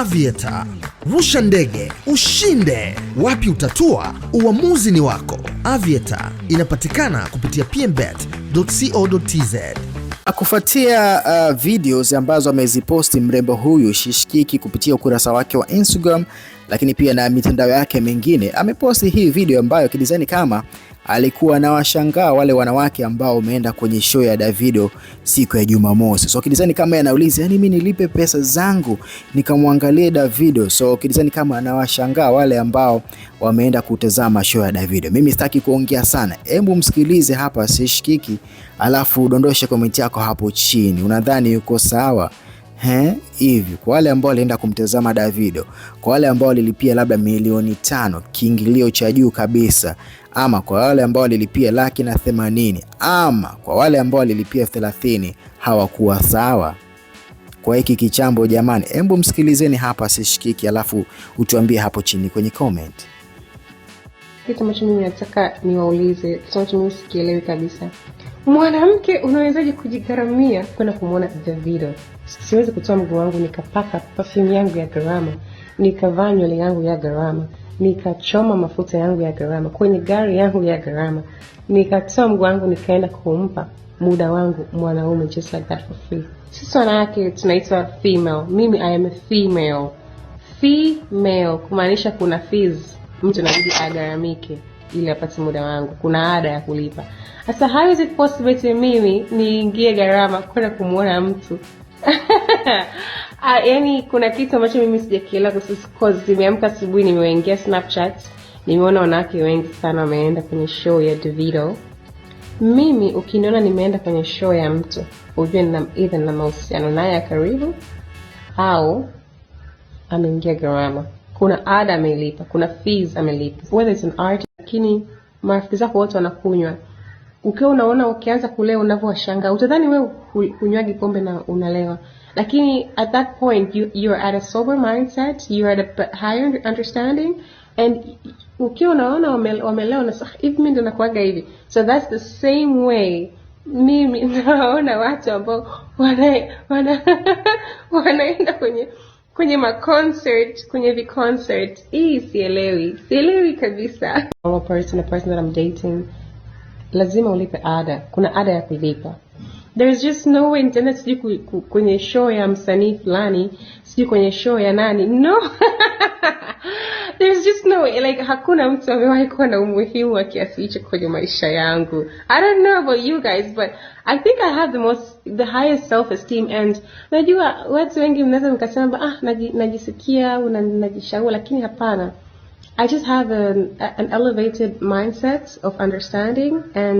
Aviator. Rusha ndege ushinde. Wapi utatua? Uamuzi ni wako. Aviator inapatikana kupitia pmbet.co.tz. Akufuatia uh, videos ambazo ameziposti mrembo huyu Shishkiki kupitia ukurasa wake wa Instagram, lakini pia na mitandao yake mingine, ameposti hii video ambayo kidesign kama alikuwa anawashangaa wale wanawake ambao wameenda kwenye show ya Davido siku ya Jumamosi. So kidizani kama anauliza yani, mimi nilipe pesa zangu nikamwangalie Davido. So kidizani kama anawashangaa wale ambao wameenda kutazama show ya Davido. Mimi sitaki kuongea sana, hebu msikilize hapa Sishikiki, alafu udondoshe komenti yako hapo chini. Unadhani yuko sawa? hivi kwa wale ambao walienda kumtazama Davido, kwa wale ambao walilipia labda milioni tano kiingilio cha juu kabisa, ama kwa wale ambao walilipia laki na themanini, ama kwa wale ambao walilipia thelathini, hawakuwa sawa kwa hiki kichambo jamani. Hebu msikilizeni hapa Sishikiki, alafu utuambie hapo chini kwenye comment. Kitu ambacho mimi nataka niwaulize, kitu ambacho mimi sikielewi kabisa Mwanamke unawezaje kujigharamia kwenda kumwona Davido? Siwezi kutoa mguu wangu nikapaka perfume yangu ya gharama, nikavaa nywele yangu ya gharama, nikachoma mafuta yangu ya gharama, kwenye gari yangu ya gharama, nikatoa mguu wangu nikaenda kumpa muda wangu mwanaume, just like that for free. Sisi wanawake tunaitwa female. Mimi I am a female, female kumaanisha kuna fees mtu inabidi agharamike ili apate muda wangu, kuna ada ya kulipa. Sasa how is it possible mimi niingie gharama kwenda kumwona mtu? Ah, yani kuna kitu ambacho mimi sijakielewa kwa sababu cause nimeamka asubuhi nimeingia Snapchat, nimeona wanawake wengi sana wameenda kwenye show ya Davido. Mimi ukiniona nimeenda kwenye show ya mtu, ujue nina either na mahusiano naye ya karibu au ameingia gharama. Kuna ada amelipa, kuna fees amelipa. Whether it's an art, lakini marafiki zako wote wanakunywa ukiwa unaona ukianza kulewa unavyowashangaa, utadhani wewe hunywagi pombe na unalewa, lakini at that point you, you are at a sober mindset, you are at a higher understanding and ukiwa unaona wamelewa na hivi, mimi ndo nakuaga hivi. So that's the same way mimi naona watu ambao wana, wana, wanaenda kwenye kwenye maconcert kwenye viconcert. Hii sielewi, sielewi kabisa. I'm a person, a person that I'm dating lazima ulipe ada, kuna ada ya kulipa. There is just no way nitaenda sijui kwenye show ya msanii fulani, sijui kwenye show ya nani. No. There's just no way. Like hakuna mtu amewahi kuwa na umuhimu wa kiasi hicho kwenye maisha yangu. I don't know about you guys but I think I have the most the highest self esteem and najua watu wengi mnaweza mkasema ah, najisikia najishauri, lakini hapana. I just have an, an elevated mindset of understanding and